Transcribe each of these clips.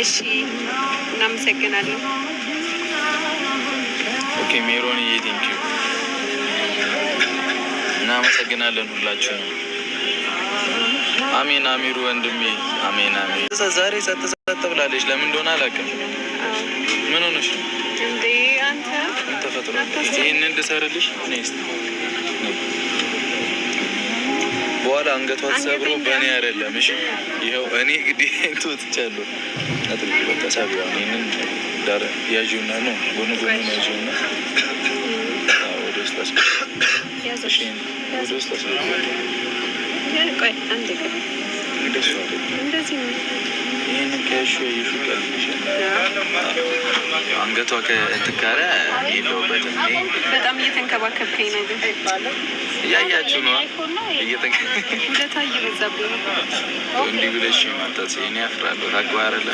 እሺ፣ እናመሰግናለሁ። ኦኬ ሜሮን ይሄ ቴንኪ እናመሰግናለን ሁላችሁ ነው። አሜን አሚሩ ወንድሜ አሜን አሜን። ዛሬ ጸጥ ጸጥ ብላለች፣ ለምን እንደሆነ አላውቅም። ምን ሆነሽ? ይህን እንድሰርልሽ ኔስት በኋላ አንገቷ ተሰብሮ በእኔ አይደለም። እሺ ይኸው እኔ እንግዲህ ትወጥቻለሁ። አጥልቅ በቃ ሳቢያ ይህንን ዳር ያዥውና ነው ጎኑ ጎኑ ያዥውና ወደ ውስጥ አስ ወደ ውስጥ አስ እንደሱ አይደለም። ይህንን ከያሹ ያየሹ ቀልሽ አንገቷ ከትካረ የለውበትም። በጣም እየተንከባከብከኝ ነው፣ እያያችሁ ነው። ውለታ እየበዛብኝ ነው። እንዲህ ብለሽ መጣት እኔ አፍራለሁ። ታግባረለ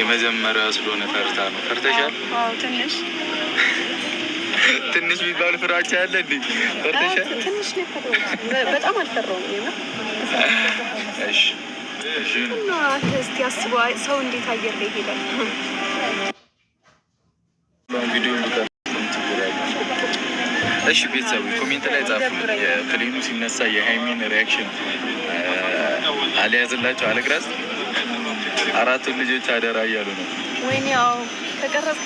የመጀመሪያዋ ስለሆነ ፈርታ ነው። ፈርተሻል? ትንሽ ትንሽ ቢባል ፍራቻ ያለ እንዲ ፈርተሻል? ትንሽ በጣም አልፈራውም። እሺ እና እስቲ አስበው ሰው እንዴት አየር ላይ ይሄዳል? ቪዲዮ እሺ ቤተሰብ ኮሜንት ላይ ጻፉ። የፕሌኑ ሲነሳ የሃይሚን ሪያክሽን አልያዝላቸው አለግራዝ አራቱን ልጆች አደራ እያሉ ነው። ይጎዳሉ።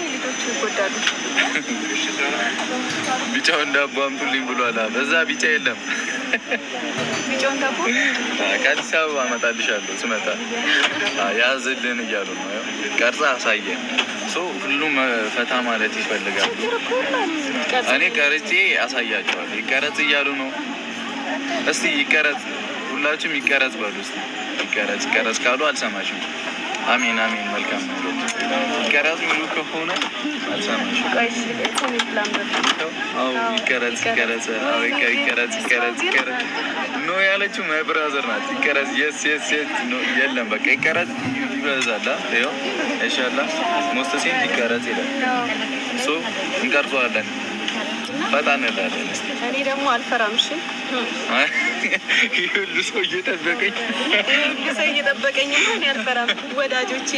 ቢጫውን ዳቦ አምጡልኝ ብሏል። በዛ ቢጫ የለም። ቢጫውን ዳቦ ከአዲስ አበባ አመጣልሻለሁ ስመጣ ያዝልን እያሉ ነው። ቀርጻ አሳየን። ሰው ሁሉም ፈታ ማለት ይፈልጋሉ። እኔ ቀርጬ አሳያቸዋል። ይቀረጽ እያሉ ነው። እስቲ ይቀረጽ፣ ሁላችሁም ይቀረጽ በሉ። ይቀረጽ ይቀረጽ ካሉ አልሰማሽም። አሜን አሜን። መልካም ነው። ሲቀረጽ ምኑ ከሆነ ኖ ያለችው መብራዘር ናት። ይቀረጽ የስ የስ የስ የለም በቃ ይቀረጽ ይበዛላ ይሻላ ሞስተሴን ይቀረጽ ይላል። እንቀርጸዋለን ፈጣን እኔ ደግሞ አልፈራም። ይሁሉ ሰው እየጠበቀኝ ይሁሉ ሰው እየጠበቀኝ እኔ አልፈራም። ወዳጆቼ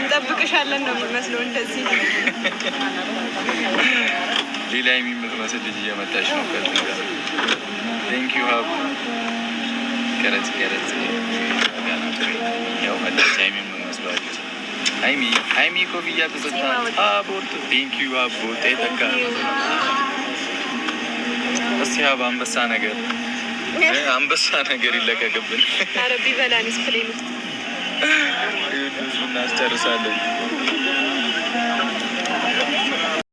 እንጠብቅሻለን ነው የሚመስለው። እንደዚህ ሌላ የምትመስል ልጅ እየመጣች ነው። ቴንክ ዩ ሀብ ቀረጽ ቀረጽ ያው መዳቻ የሚመስሏቸው ሀይሚ ሀይሚ ኮፍያ ተሰጣ። አቦርት ቴንኪ አቦ ተካ እስ ሀብ አንበሳ ነገር አንበሳ ነገር ይለቀቅብን። አረቢ በላን ስፕሌን ውስጥ እናስጨርሳለን።